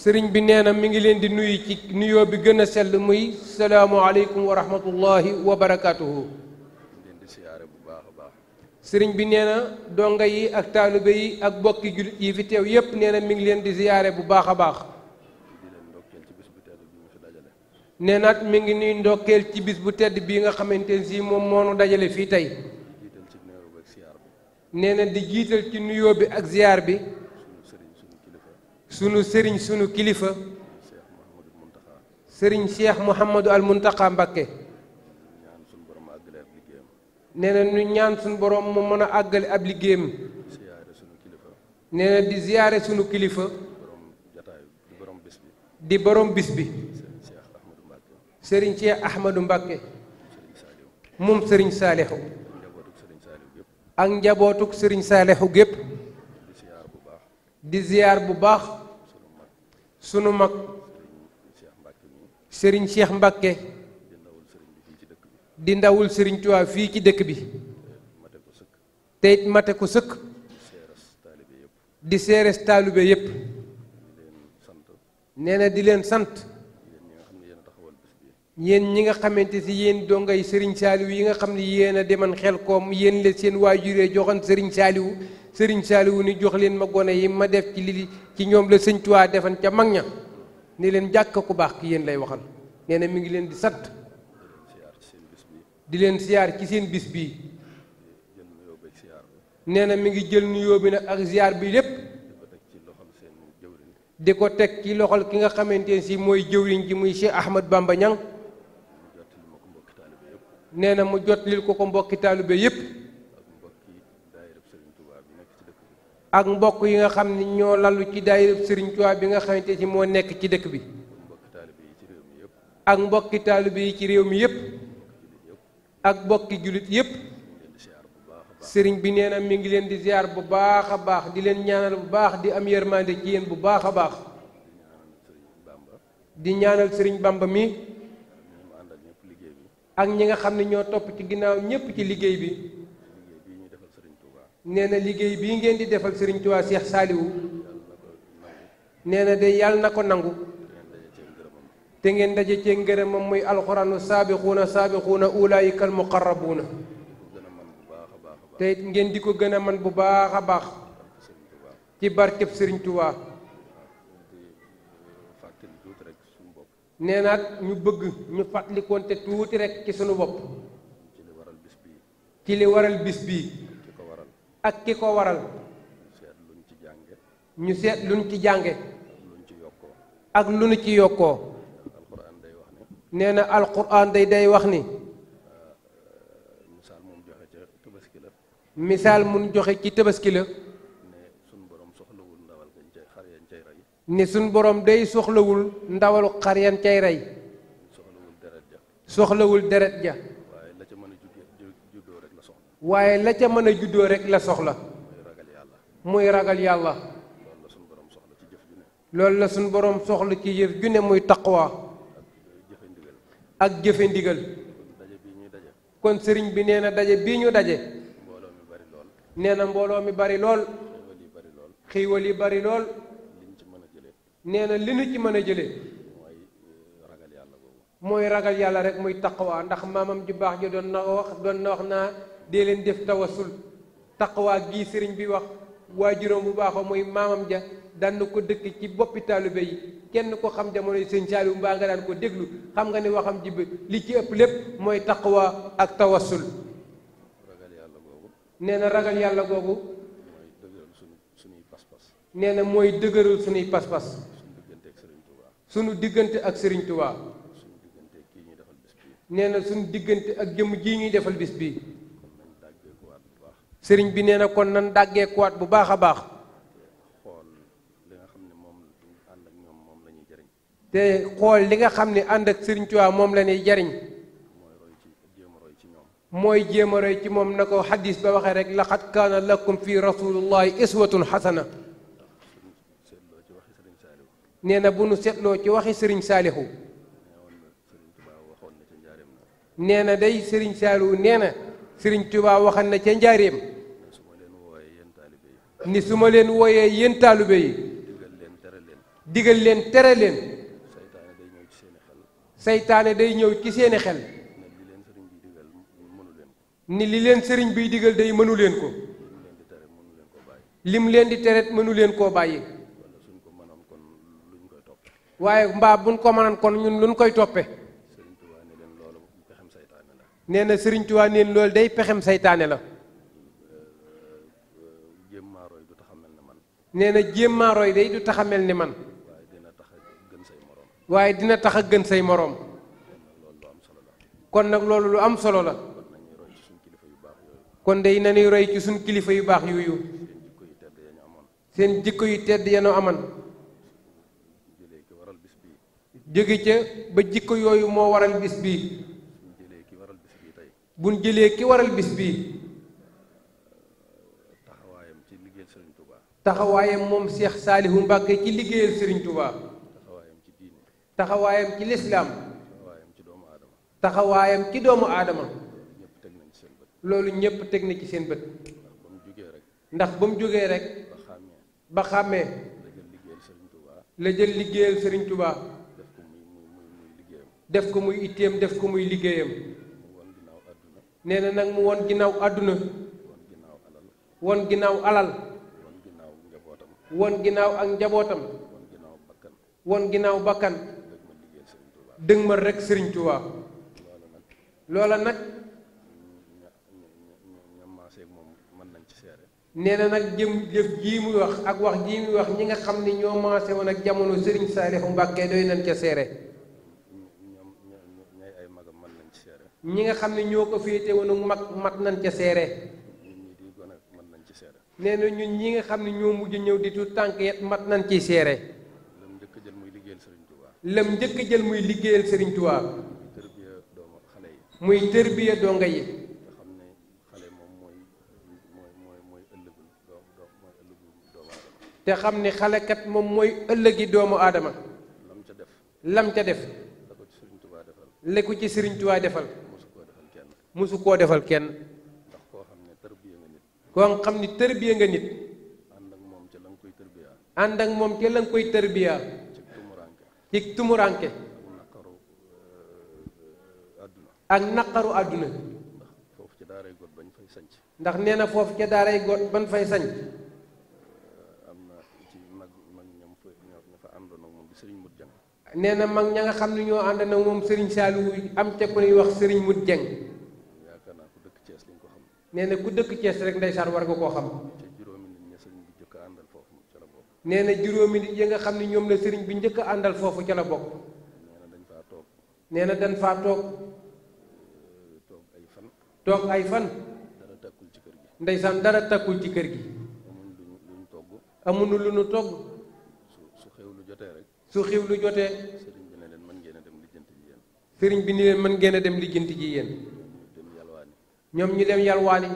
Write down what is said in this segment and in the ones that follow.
sëriñ bi nee na mi ngi leen di nuyu ci nuyoo bi gën a sell muy salaamualeykum wa rahmatullahi wa barakaatuhu. sëriñ bi nee na dongo yi ak taalibe yi ak bokki jullit yi fi teew yépp nee na mi ngi leen di siyaare bu baax a baax. nee naat mi ngi nuy ndokkeel ci bis bu tedd bi nga xamante ne si moom moo nu dajale fii tey. nee na di jiital ci nuyoo bi ak ziyaar bi. sunu sëriñ sunu kilifa sëriñ Cheikh Mouhamadou al Muntaqa Mbakke nee na ñu ñaan suñu borom mu mën a àggale ab liggéeyam nee na di ziyaare sunu kilifa di borom bis bi sëriñ Cheikh Ahmadou Mbakke moom sëriñ Saalixu ak njabootuk sëriñ Saalixu gépp di ziyaar bu baax sunu mag sëriñ Cheikh Mbacke di ndawul sëriñ Tuubaa fii ci dëkk bi te mate ko sëkk di seeres taalibe yépp nee na di leen sant yéen ñi nga xamante si yéen dongay sëriñ saaliwu yi nga xam ne yéen a deman xel koom yéen la seen waajuree joxoon sëriñ saaliwu sëriñ Saaliwu ni jox leen ma gone yi ma def ci li ci ñoom la sëñ defan ca mag ña ni leen jàkk ku baax ki yéen lay waxal nee na mi ngi leen di sant di leen siyaar ci seen bis bii nee na mi ngi jël nuyoo bi nag ak siyaar bi lépp di ko teg ci loxol ki nga xamante ne si mooy jëwriñ ji muy Cheikh Ahmad Bamba Ñang nee na mu jotlil ko ko mbokki taalibe yépp ak mbokk yi nga xam ni ñoo lalu ci daayira Serigne Touba bi nga xamante ci moo nekk ci dëkk bi ak mbokki taalibe yi ci réew mi yépp ak mbokki jullit yépp sëriñ bi nee na mi ngi leen di ziar bu baax a baax di leen ñaanal bu baax di am yërmande ci yéen bu baax a baax di ñaanal sëriñ Bamba mi ak ñi nga xam ne ñoo topp ci ginnaaw ñépp ci liggéey bi nee na liggéey bii ngeen di defal Serigne seex Cheikh nee na de yàlla na ko nangu te ngeen daje cee ngërëmam muy alxuraanu saabixuuna na ulaayika al muqarrabuuna te it ngeen di ko gën a man bu baax a baax ci barkeb Serigne Touba na naat ñu bëgg ñu fàttalikoonte tuuti rek ci sunu bopp ci li waral bis bii ak ki ko waral ñu seet luñ ci jànge ak lu nu ci yokkoo nee na alquran day day wax ni misaal mun joxe ci tabaski la ne suñ borom day soxlawul ndawalu xar yan cay rey soxlawul deret ja waaye la ca mën a juddoo rek la soxla muy ragal yàlla loolu la suñ boroom soxla ci yëf ju ne muy taqwa ak jëfe ndigal kon sëriñ bi nee na daje bii ñu daje nee na mbooloo mi bari lool xiiwal yi bari lool nee na li nu ci mën a jëlee mooy ragal yàlla rek muy taqwa ndax maamam ju baax ji doon na wax doon na wax naa dee leen def tawasul taqwa gii sëriñ bi wax waa waajuram bu baaxoo mooy maamam ja daan ko dëkk ci boppi taalibe yi kenn ko xam jamono yi sëñ Saaliw mbaa nga daan ko déglu xam nga ne waxam ji li ci ëpp lépp mooy taqwa ak tawassul nee na ragal yàlla googu nee na mooy dëgëral suñuy pas-pas suñu diggante ak sëriñ Tuubaa nee na suñu diggante ak jëmm jii ñuy defal bis bii sëriñ bi nee na kon nan dàggee kuwaat bu baax a baax te xool li nga xam ne ànd ak sëriñ Tuubaa moom la ñuy jariñ mooy jéem a roy ci moom na ko xadis ba waxee rek laxat kaana lakum fi rasuulullahi iswatun xasana nee na bu nu seetloo ci waxi sëriñ Saalihu nee na day sëriñ Saalihu nee na Sëriñ Tuubaa waxan na ca njaareem ni su ma leen wooyee yéen taalibe yi digal leen tere leen seytaane day ñëw ci seeni xel ni li leen sëriñ biy digal day mënu leen ko lim leen di teret mënu leen koo bàyyi waaye mbaa buñ ko mënoon kon ñun luñ koy toppe nee na Sëriñ Tuubaa loolu day pexem saytaane la nee na jéem maa roy day du mel ni man waaye dina tax a gën say moroom kon nag loolu lu am solo la kon day nañuy roy ci suñ kilifa yu baax yooyu seen jikko yu tedd yanoo aman jóge ca ba jikko yooyu moo waral bis bii buñ jëlee ki waral bis bi taxawaayam moom Cheikh Saalihu Mbàkke ci liggéeyal Sëriñ Tuubaa taxawaayam ci lislaam taxawaayam ci doomu aadama loolu ñépp teg na ci seen bët ndax ba mu jógee rek ba xàmmee la jël liggéeyal Sëriñ Tuubaa def ko muy itteem def ko muy liggéeyam nee na nag mu won ginnaaw àdduna won ginnaaw alal won ginnaaw ak njabootam won ginnaaw bakkan dëgmal rekk Sëriñ Tuubaa loola nag nee na nag jëm jëf jii muy wax ak wax jii muy wax ñi nga xam ni ñoo maase woon ak jamono Sëriñ Saalihu Mbàkke doy nañ ca seere ñi nga xam ne ñoo ko féete woon ak mag mat nañ ca seere nee na ñun ñi nga xam ne ñoo mujj ñëw di tu tànk yet mat nañ ciy seere lam njëkk jël muy liggéeyal Serigne Touba lam njëkk jël muy liggéeyal Serigne Touba muy tërbiya donga yi te xam ne xale kat moom mooy ëllëgi doomu aadama lam ca def lam ca def li ko ci Serigne Touba defal mosu koo defal kenn ndax koo xam ne tërbiya nga nit koo xam ni tërbiya nga nit ànd ak moom ci la nga koy tërbiya ànd ak moom ca la nga koy tërbiya ci tumuranke ci tumuranke eh, ak naqaru àdduna ndax foofu ca daaray got bañ fay sanc ndax nee na foofu ca daaray got bañ fay sanc eh, am ci mag mag ñam fa ña fa àndoon ak moom di sëriñ mut nee na mag ña nga xam ne ñoo ànd na moom sëriñ saaliwu am ca ku ñuy wax sëriñ mut jeng nee na ku dëkk Cees rek ndeysaan war nga koo xam nee na juróomi nit yi nga xam ne ñoom la sëriñ bi njëkk àndal foofu ca la bokk nee na dañ faa toog euh, toog ay fan toog ay fan ndeysaan dara takkul ci kër gi amuñu lu ñu togg su xew lu jotee rek su xew lu jotee sëriñ bi ni leen mën ngeen a dem lijjanti ji yéen sëriñ bi ni leen mën ngeen a dem lijjanti ji yéen ñoom ñu dem yalwaani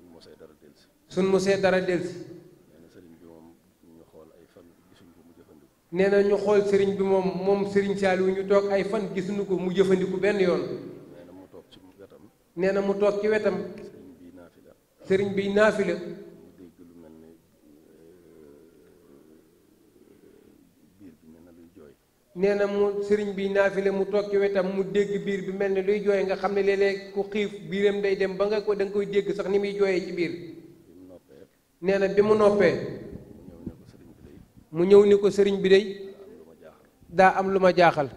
suñ mosee dara delsi suñ mosee dara delsi nee na ñu xool sëriñ bi moom moom sëriñ wu ñu toog ay fan gisuñu ko mu jëfandiku benn yoon nee na mu toog ci wetam sëriñ bi naafila sëriñ bi naafila nee na mu sëriñ bi naafile mu toog ci wetam mu dégg biir bi mel ni luy jooy nga xam ne léeg-léeg ku xiif biiram day dem ba nga ko danga koy dégg sax ni muy jooyee ci biir nee na bi mu noppee mu ñëw ni ko sëriñ bi day daa am lu ma jaaxal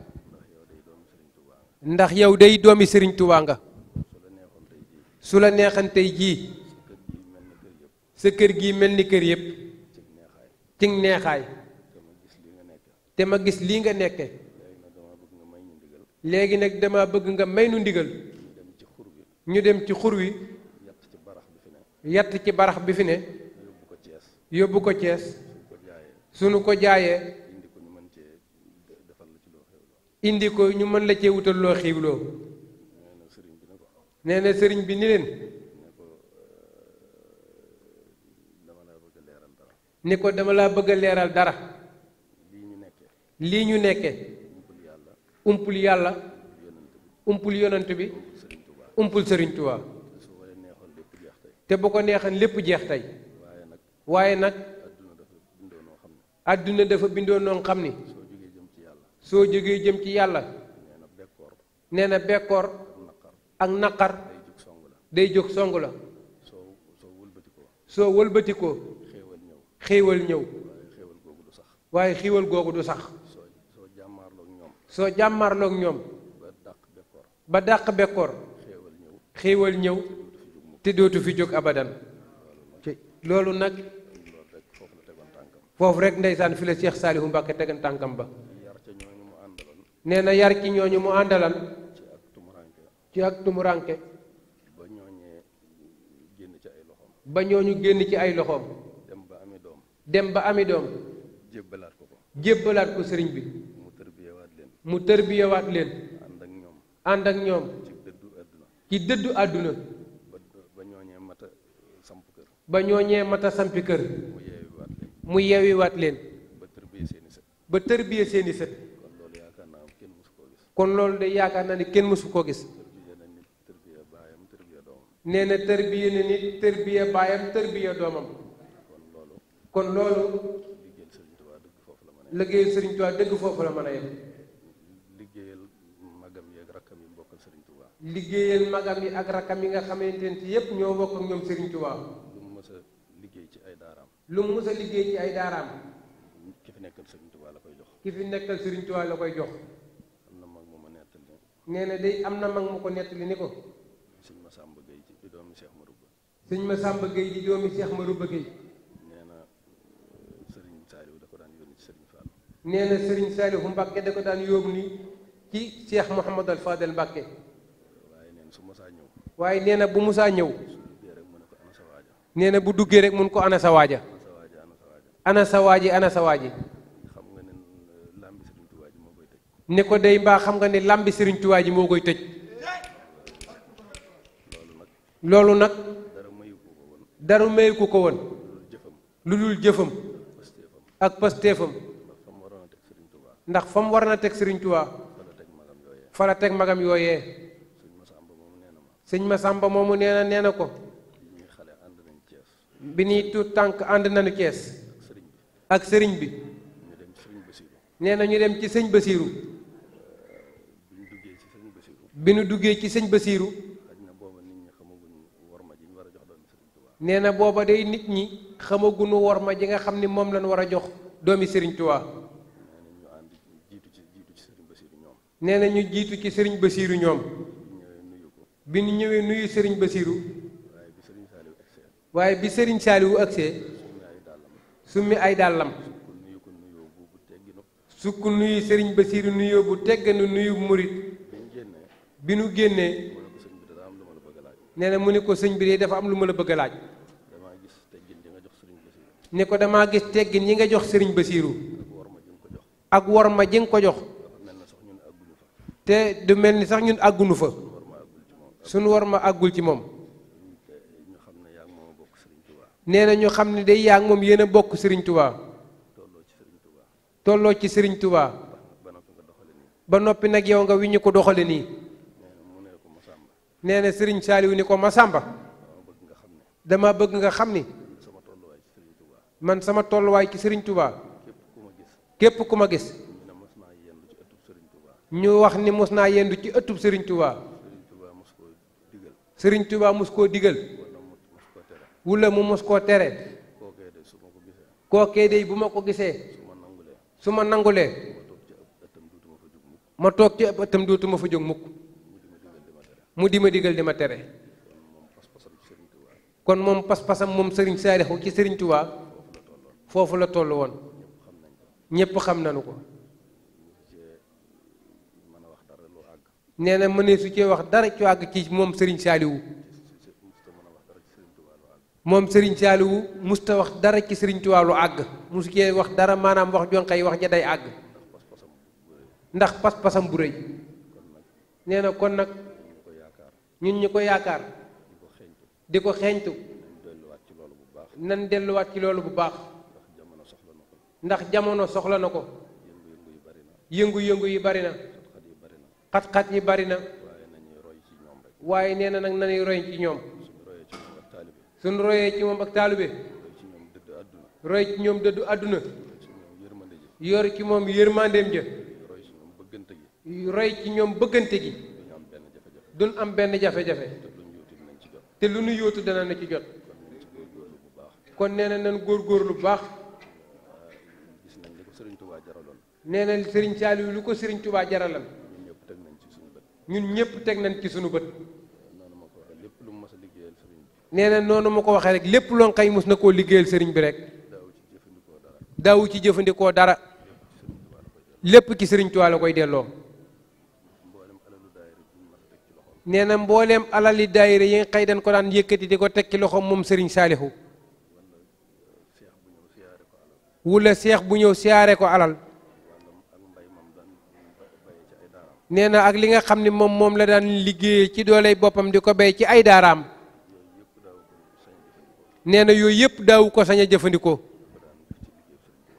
ndax yow day doomi sëriñ Tuubaa nga su la neexan tey jii sa kër gi mel ni kër yépp ci neexaay te ma gis lii nga nekke léegi nag dama bëgg nga may nu ndigal ñu dem ci xur wi yatt ci barax bi fi ne yóbbu ko cees sunu ko jaayee indi ko ñu mën la cee wutal loo xiiwloo nee na sëriñ bi ni leen ni ko dama laa bëgg a leeral dara lii ñu nekke umpul yàlla umpul yonant bi umpul sëriñ Tuubaa te bu ko neexan lépp jeex tey waaye nag àdduna dafa bindoo noon xam ni soo jógee jëm ci yàlla nee na bekkoor ak naqar day jóg song la soo wëlbatikoo xéewal ñëw waaye xéewal googu du sax soo jàmmarloog ñoom ba dàq bekkoor xéewal ñëw te dootu fi jóg abadan loolu nag foofu rek ndeysaan fi la Cheikh Saalihu Mbàkke tegan tànkam ba nee na yar ci ñooñu mu àndalan ci ak tumuranke ba ñooñu génn ci ay loxoom dem ba ami doom jébbalaat ko ko jébbalaat ko sëriñ bi mu waat leen ànd ak ñoom ànd ak ñoom ci dëddu àdduna ci dëddu àdduna ba ñooñee mata samp kër ba ñooñee mata sampi kër mu yeewiwaat leen leen ba tërbiye seeni sët ba tërbiye seeni sët kon loolu yaakaar naa kenn mësu koo gis kon loolu de yaakaar naa ne kenn mësu koo gis nee na tërbiye na nit tërbiye baayam tërbiye doomam kon loolu liggéeyal sëriñ Tuubaa dëgg foofu la mën a yem liggéeyal sëriñ Tuubaa dëgg foofu la mën a yem liggéeyal magam yi ak rakam yi nga xamante ne ci yépp ñoo bokk ak ñoom Serigne Touba. lu mu mës liggéey ci ay daaraam. lu mu mës a liggéey ci ay daaraam. ki fi nekkal Serigne Touba la koy jox. ki fi nekkal Serigne Touba la am na mag mu ma nettali. nee na day am na mag mu ko nettali ni ko. sëñ Massamba Gueye di doomi Cheikh Marouba. sëñ Massamba Gueye di doomi seex Marouba Gueye. nee na euh, sëriñ Saliou da ko daan yónni ci Serigne Fall. nee na da ko daan yóbbu ni ci Cheikh Mouhamadou Fadel Mbacké. waaye nee na bu musaa ñëw nee na bu duggee rek mun ko ana sa waaja ana sa waaji ana sa waaji ne ko day mbaa xam nga ne làmbi Sëriñ Tuubaa ji moo koy tëj loolu nag dara mayu ko ko woon lu dul jëfam ak pasteefam ndax fa mu war na teg Sëriñ Tuubaa fa la teg magam yooyee sëñ ma Masamba moomu nee na nee na ko bi ñuy tuut tànk ànd nañu Cees ak sëriñ bi nee na ñu dem ci sëñ Basiiru bi ñu duggee ci sëñ Basiiru nee na booba day nit ñi xamaguñu worma ji nga xam ni moom lañ war a jox doomi sëriñ Tuubaa nee na ñu jiitu ci sëriñ Basiiru ñoom bi ñu ñëwee nuyu Serigne Basirou waaye bi Serigne saaliwu agsee summi ay dàllam sukk nuyu Serigne Basirou nuyoo bu tegganu nuyu murit bi nu génnee nee na mu ne ko sëñ bi de dafa am lu ma la bëgg a laaj ne ko dama gis teggin yi nga jox Serigne Basirou ak wor ma ji ko jox te du mel ni sax ñun àggunu fa. sunu war ma àggul ci moom nee na ñu xam ne day yaa ngi moom yéen a bokk Serigne Touba tolloo ci Serigne Touba ba noppi nag yow nga wi ñu ko doxale nii nee na Serigne Saliou ni ko Masamba dama bëgg nga xam ni man sama tolluwaay ci Serigne Touba képp ku ma gis ñu wax ni mos naa yendu ci ëttub Serigne Touba. sëriñ Tuubaa mos koo digal wula mu mos koo tere kookee day bu ma ko gisee su ma nangulee ma toog ci ab ëttam dootuma fa jóg mukk mu di ma digal di ma tere kon moom pas-pasam moom sëriñ Saalihu ci sëriñ Tuubaa foofu la toll woon ñépp xam nañu ko nee na mënee su cee wax dara ci àgg ci moom sëriñ Saliou moom Serigne Saliou musta wax dara ci sëriñ Touba lu àgg musu cee wax dara maanaam wax jonqay wax ja day àgg ndax pas-pasam bu rëy nee na kon nag ñun ñu ko yaakaar di ko xeeñtu nan delluwaat ci loolu bu baax ndax jamono soxla na ko yëngu-yëngu yi bari na xat-xat yi bari na waaye nee na nag nañuy roy ci ñoom suñ royee ci moom ak taalibe roy ci ñoom dëddu àdduna yor ci moom yërmandeem ja roy ci ñoom bëggante gi duñ am benn jafe-jafe te lu nu yóotu dana na ci jot kon nee na góor góor lu baax nee na sëriñ Saaliw lu ko sëriñ Tubaa jaralam ñun ñëpp teg nañ ci sunu bët. nee na noonu ma ko waxee rek lépp loo xay mos na koo liggéeyal sëriñ bi rek. daawu ci jëfandikoo dara. lépp ci sëriñ Tuubaa la koy delloo. nee na mbooleem alali daayira yi nga xëy dañ ko daan yëkkati di ko teg ki loxoom moom sëriñ Saalihu. wula uh, seex bu ñëw siyaare ko alal. nee na ak li nga xam ne moom moom la daan liggéey ci dooley boppam di ko béy ci ay daaraam nee na yooyu yëpp daawu ko sañ a jëfandikoo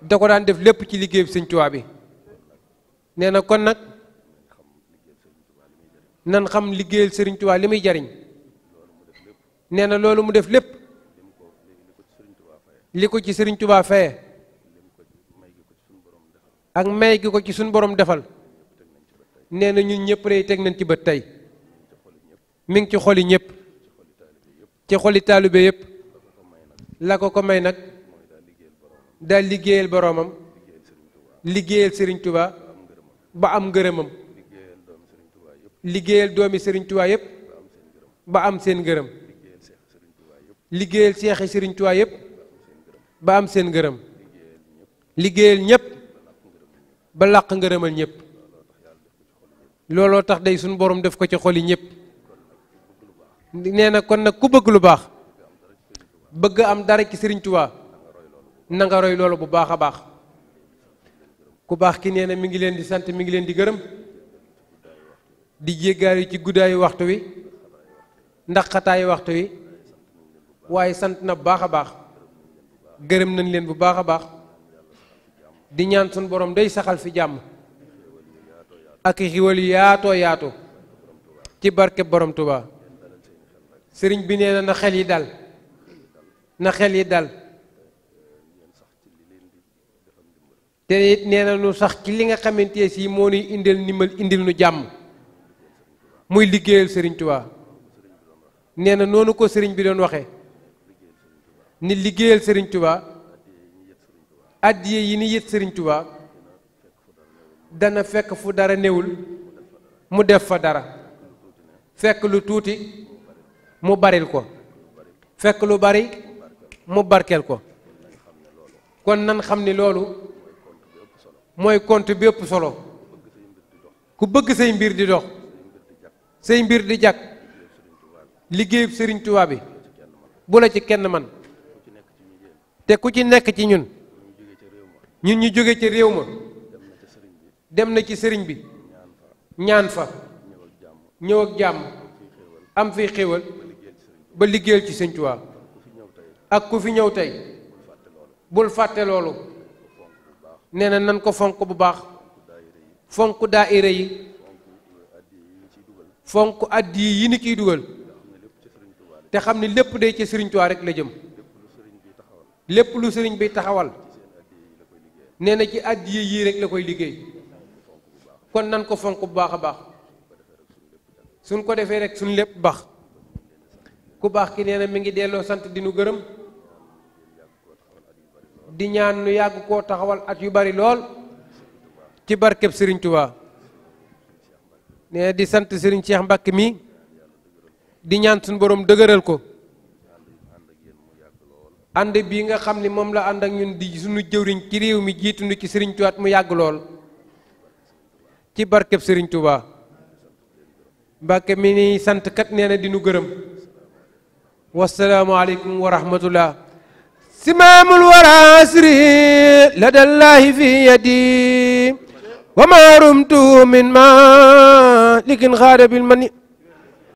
da ko daan def lépp ci liggéey bi sëñ bi nee na kon nag nan xam liggéeyal sëriñ li muy jariñ nee na loolu mu def lépp li ko ci sëriñ Tuubaa ak may gi ko ci suñ borom defal nee na ñun ñëpp teg nañ ci bët tey mi ngi ci xoli ñëpp ci xoli taalibe yëpp la ko ko may nag daal liggéeyal boroomam liggéeyal Serigne Touba ba am ngërëmam liggéeyal doomi Serigne Touba yëpp ba am seen ngërëm liggéeyal seexi Serigne Touba yëpp ba am seen ngërëm liggéeyal ñëpp ba làq ngërëmal ñëpp. looloo tax day suñu boroom def ko ci xol yi ñëpp nee na kon nag ku bëgg lu baax bëgg am dara ci Sëriñ tuwaa na nga roy loolu bu baax a baax ku baax ki nee na mi ngi leen di sant mi ngi leen di gërëm di jéggaayu ci guddaayu waxtu wi ndax xataayu waxtu wi waaye sant na bu baax a baax gërëm nañ leen bu baax a baax di ñaan suñu boroom day saxal fi jàmm ak xiwal yaatoo yaatu ci barke borom Touba sëriñ bi nee na na xel yi dal na xel yi dal te nee na nu sax ci li nga xamante ne moo nuy indil ndimbal indil nu jàmm muy liggéeyal sëriñ Touba nee na noonu ko sëriñ bi doon waxe ni liggéeyal sëriñ Touba addiye yi ni yët sëriñ Touba. dana fekk fu dara néewul mu def fa dara fekk lu tuuti mu baril ko fekk lu bari mu barkeel ko kon nan xam ni loolu mooy compte bi ëpp solo ku bëgg say mbir di dox say mbir di jàkk liggéeyub Sëriñ Tuubaa bi bu la ci kenn man te ku ci nekk ci ñun ñun ñu jóge ci réew ma dem na ci sëriñ bi ñaan fa ñëw ak jàmm am fi xéewal ba liggéeyal ci sëñ Tuubaa ak ku fi ñëw tey bul fàtte loolu nee na nan ko fonk bu baax fonk daayira yi fonk addi yi ni kiy dugal te xam ni lépp day ci sëriñ Tuubaa rek la jëm lépp lu sëriñ bi taxawal nee na ci addi yii rek la koy liggéey kon nan ko fonk bu baax a baax suñ ko defee rek suñ lépp baax ku baax ki nee na mi ngi delloo sant di gërëm di ñaan nu yàgg koo taxawal at yu bari lool ci barkeb Serigne Touba nee di sant sëriñ Cheikh Mbacke mi di ñaan suñ borom dëgëral ko ànd bii nga xam ni moom la ànd ak ñun di suñu jëwriñ ci réew mi jiitu nu ci sëriñ Touba mu yàgg lool. ci barkeb Serigne Touba Mbàkke mi ni sant kat nee na dinu gërëm wasalaamualeykum wa rahmatullah simaamul wara asri ladallahi fi yadi wa ma rumtu min malikin xaada bil mani